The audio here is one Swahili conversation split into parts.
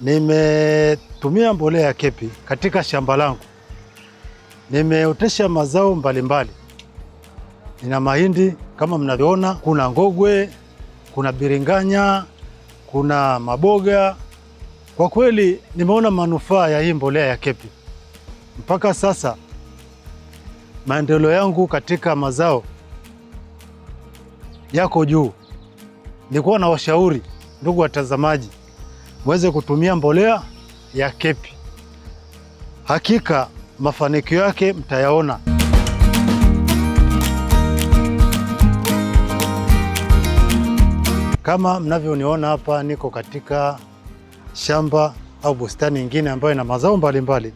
Nimetumia mbolea ya kepi katika shamba langu, nimeotesha mazao mbalimbali. Nina mahindi kama mnavyoona, kuna ngogwe, kuna biringanya, kuna maboga. Kwa kweli nimeona manufaa ya hii mbolea ya kepi. Mpaka sasa maendeleo yangu katika mazao yako juu. Nilikuwa na washauri ndugu watazamaji mweze kutumia mbolea ya Kepi. Hakika mafanikio yake mtayaona. Kama mnavyoniona hapa, niko katika shamba au bustani nyingine ambayo ina mazao mbalimbali.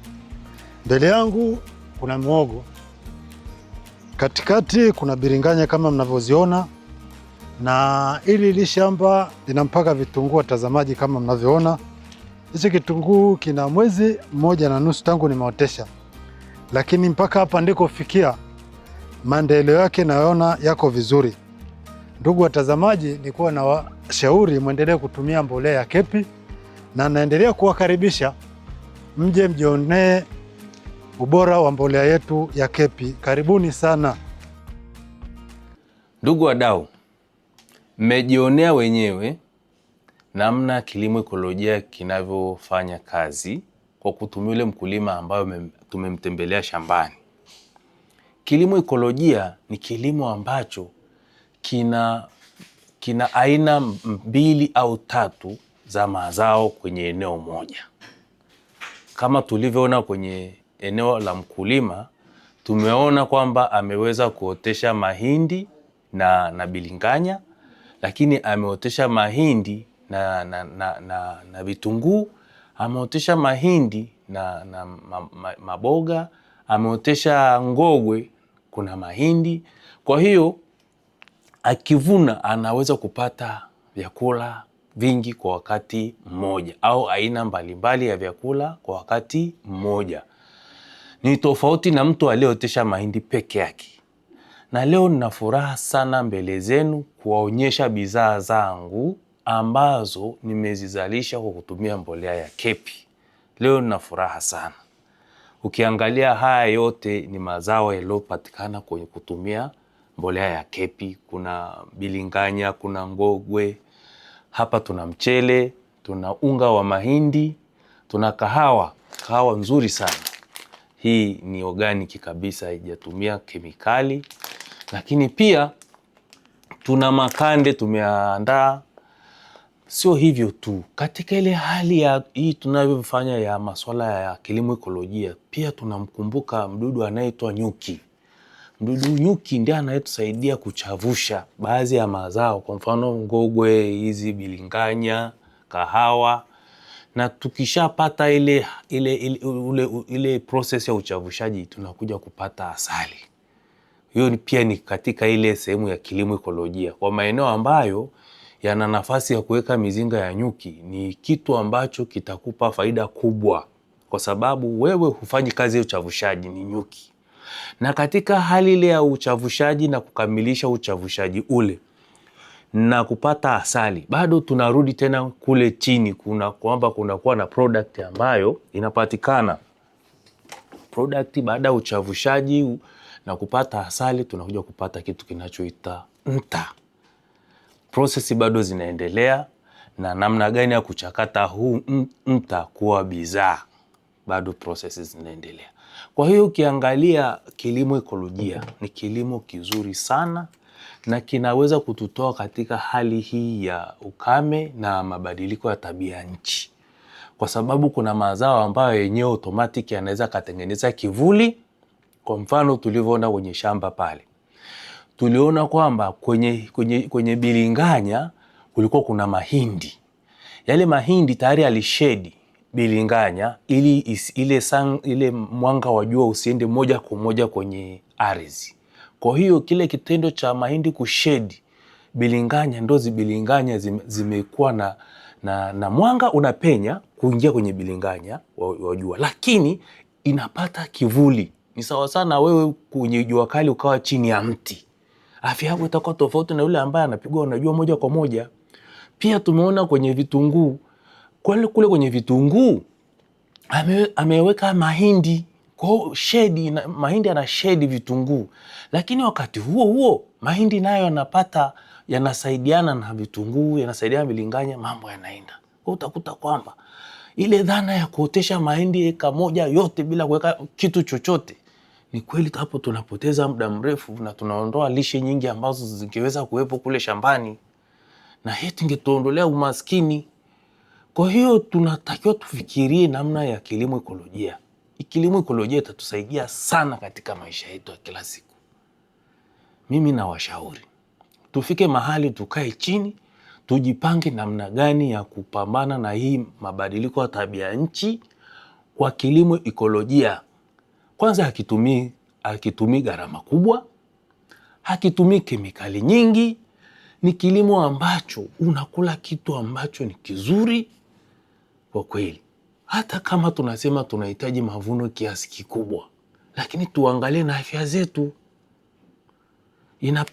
Mbele yangu kuna mwogo katikati kuna biringanya kama mnavyoziona na ili li shamba lina mpaka vitunguu, watazamaji, kama mnavyoona hichi kitunguu kina mwezi mmoja na nusu tangu nimeotesha, lakini mpaka hapa ndikofikia maendeleo yake nayoona yako vizuri. Ndugu watazamaji, nikuwa na washauri mwendelee kutumia mbolea ya Kepi na naendelea kuwakaribisha mje mjionee ubora wa mbolea yetu ya Kepi. Karibuni sana ndugu wadau mmejionea wenyewe namna kilimo ekolojia kinavyofanya kazi kwa kutumia ule mkulima ambayo tumemtembelea shambani. Kilimo ekolojia ni kilimo ambacho kina, kina aina mbili au tatu za mazao kwenye eneo moja. Kama tulivyoona kwenye eneo la mkulima, tumeona kwamba ameweza kuotesha mahindi na, na bilinganya lakini ameotesha mahindi na, na, na, na, na vitunguu, ameotesha mahindi na, na maboga, ameotesha ngogwe, kuna mahindi. Kwa hiyo akivuna anaweza kupata vyakula vingi kwa wakati mmoja au aina mbalimbali ya vyakula kwa wakati mmoja. Ni tofauti na mtu aliyeotesha mahindi peke yake na leo nina furaha sana mbele zenu kuwaonyesha bidhaa zangu ambazo nimezizalisha kwa kutumia mbolea ya KEPI. Leo nina furaha sana. Ukiangalia haya yote ni mazao yaliyopatikana kwenye kutumia mbolea ya KEPI. Kuna bilinganya, kuna ngogwe, hapa tuna mchele, tuna unga wa mahindi, tuna kahawa, kahawa nzuri sana. Hii ni organic kabisa, haijatumia kemikali lakini pia tuna makande tumeandaa. Sio hivyo tu, katika ile hali ya hii tunavyofanya ya masuala ya kilimo ekolojia, pia tunamkumbuka mdudu anayeitwa nyuki. Mdudu nyuki ndiye anayetusaidia kuchavusha baadhi ya mazao, kwa mfano ngogwe, hizi bilinganya, kahawa na tukishapata ile, ile, ile, ile, ile proses ya uchavushaji tunakuja kupata asali hiyo pia ni katika ile sehemu ya kilimo ekolojia. Kwa maeneo ambayo yana nafasi ya kuweka mizinga ya nyuki, ni kitu ambacho kitakupa faida kubwa, kwa sababu wewe hufanyi kazi ya uchavushaji, ni nyuki. Na katika hali ile ya uchavushaji na kukamilisha uchavushaji ule na kupata asali, bado tunarudi tena kule chini, kuna kwamba kunakuwa na product ambayo inapatikana product baada ya uchavushaji na kupata asali tunakuja kupata kitu kinachoita nta. Prosesi bado zinaendelea na namna gani ya kuchakata huu nta kuwa bidhaa, bado prosesi zinaendelea. Kwa hiyo ukiangalia kilimo ekolojia ni kilimo kizuri sana na kinaweza kututoa katika hali hii ya ukame na mabadiliko ya tabia nchi, kwa sababu kuna mazao ambayo yenyewe otomatiki yanaweza katengeneza kivuli kwa mfano tulivyoona kwenye shamba pale, tuliona kwamba kwenye, kwenye, kwenye bilinganya kulikuwa kuna mahindi. Yale mahindi tayari alishedi bilinganya ili is, ile, sang, ile mwanga wa jua usiende moja kwa moja kwenye ardhi. Kwa hiyo kile kitendo cha mahindi kushedi bilinganya, ndo zibilinganya zimekuwa na, na, na mwanga unapenya kuingia kwenye bilinganya wa, wa jua, lakini inapata kivuli ni sawa sana wewe kwenye jua kali ukawa chini ya mti, afya yako itakuwa tofauti na yule ambaye anapigwa na jua moja kwa moja. Pia tumeona kwenye vitunguu kule kule, kwenye vitunguu ame, ameweka mahindi kwa shedi na, mahindi ana shedi vitunguu, lakini wakati huo huo mahindi nayo yanapata yanasaidiana na vitunguu yanasaidiana vilinganya, mambo yanaenda kwa, utakuta kwamba ile dhana ya kuotesha mahindi eka moja yote bila kuweka kitu chochote ni kweli hapo tunapoteza muda mrefu na tunaondoa lishe nyingi ambazo zingeweza kuwepo kule shambani, na hii tingetuondolea umaskini. Kwa hiyo tunatakiwa tufikirie namna ya kilimo ekolojia. Kilimo ekolojia itatusaidia sana katika maisha yetu ya kila siku. Mimi nawashauri tufike mahali tukae chini, tujipange namna gani ya kupambana na hii mabadiliko ya tabia nchi kwa kilimo ekolojia. Kwanza hakitumii hakitumii gharama kubwa, hakitumii kemikali nyingi. Ni kilimo ambacho unakula kitu ambacho ni kizuri kwa kweli. Hata kama tunasema tunahitaji mavuno kiasi kikubwa, lakini tuangalie na afya zetu. Ina,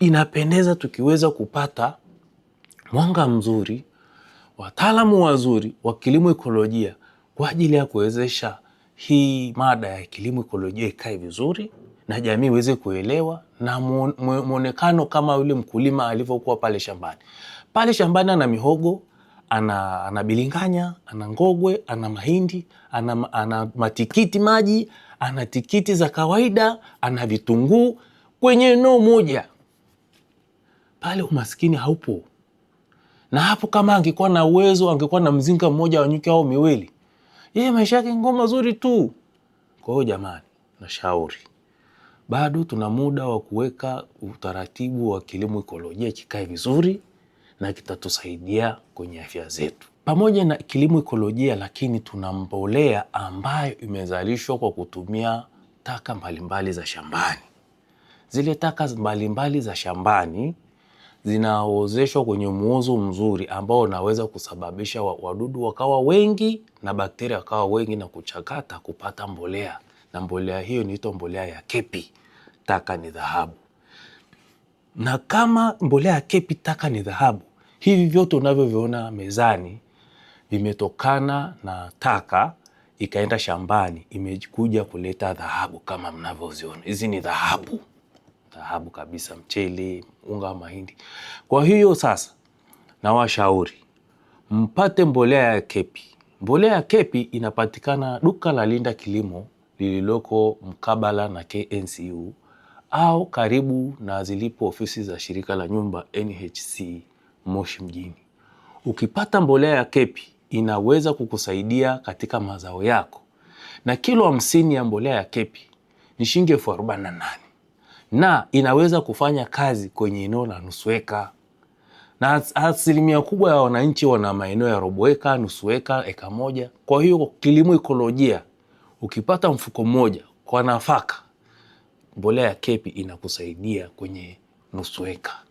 inapendeza tukiweza kupata mwanga mzuri, wataalamu wazuri wa kilimo ekolojia kwa ajili ya kuwezesha hii mada ya kilimo ekolojia ikae vizuri na jamii iweze kuelewa na mwonekano kama yule mkulima alivyokuwa pale shambani. Pale shambani ana mihogo, ana, ana bilinganya, ana ngogwe, ana mahindi, ana, ana matikiti maji, ana tikiti za kawaida, ana vitunguu kwenye eneo moja. Pale umaskini haupo. Na hapo kama angekuwa na uwezo, angekuwa na mzinga mmoja wa nyuki au miwili yeye maisha yake ngo mazuri tu. Kwa hiyo jamani, nashauri bado tuna muda wa kuweka utaratibu wa kilimo ekolojia kikae vizuri na kitatusaidia kwenye afya zetu. Pamoja na kilimo ekolojia, lakini tuna mbolea ambayo imezalishwa kwa kutumia taka mbalimbali za shambani. Zile taka mbalimbali za shambani zinaozeshwa kwenye muozo mzuri ambao unaweza kusababisha wadudu wakawa wengi na bakteria wakawa wengi na kuchakata kupata mbolea, na mbolea hiyo inaitwa mbolea ya kepi, taka ni dhahabu. Na kama mbolea ya kepi, taka ni dhahabu, hivi vyote unavyoviona mezani vimetokana na taka ikaenda shambani, imekuja kuleta dhahabu kama mnavyoziona. Hizi ni dhahabu dhahabu kabisa, mchele, unga wa mahindi. Kwa hiyo sasa nawashauri mpate mbolea ya Kepi. Mbolea ya Kepi inapatikana duka la Linda Kilimo lililoko mkabala na KNCU au karibu na zilipo ofisi za shirika la nyumba NHC Moshi mjini. Ukipata mbolea ya Kepi inaweza kukusaidia katika mazao yako, na kilo hamsini ya mbolea ya Kepi ni shilingi elfu arobaini na nane na inaweza kufanya kazi kwenye eneo la nusueka, na asilimia kubwa ya wananchi wana maeneo ya robo eka, nusu eka, eka moja. Kwa hiyo kilimo ikolojia, ukipata mfuko mmoja kwa nafaka, mbolea ya kepi inakusaidia kwenye nusu eka.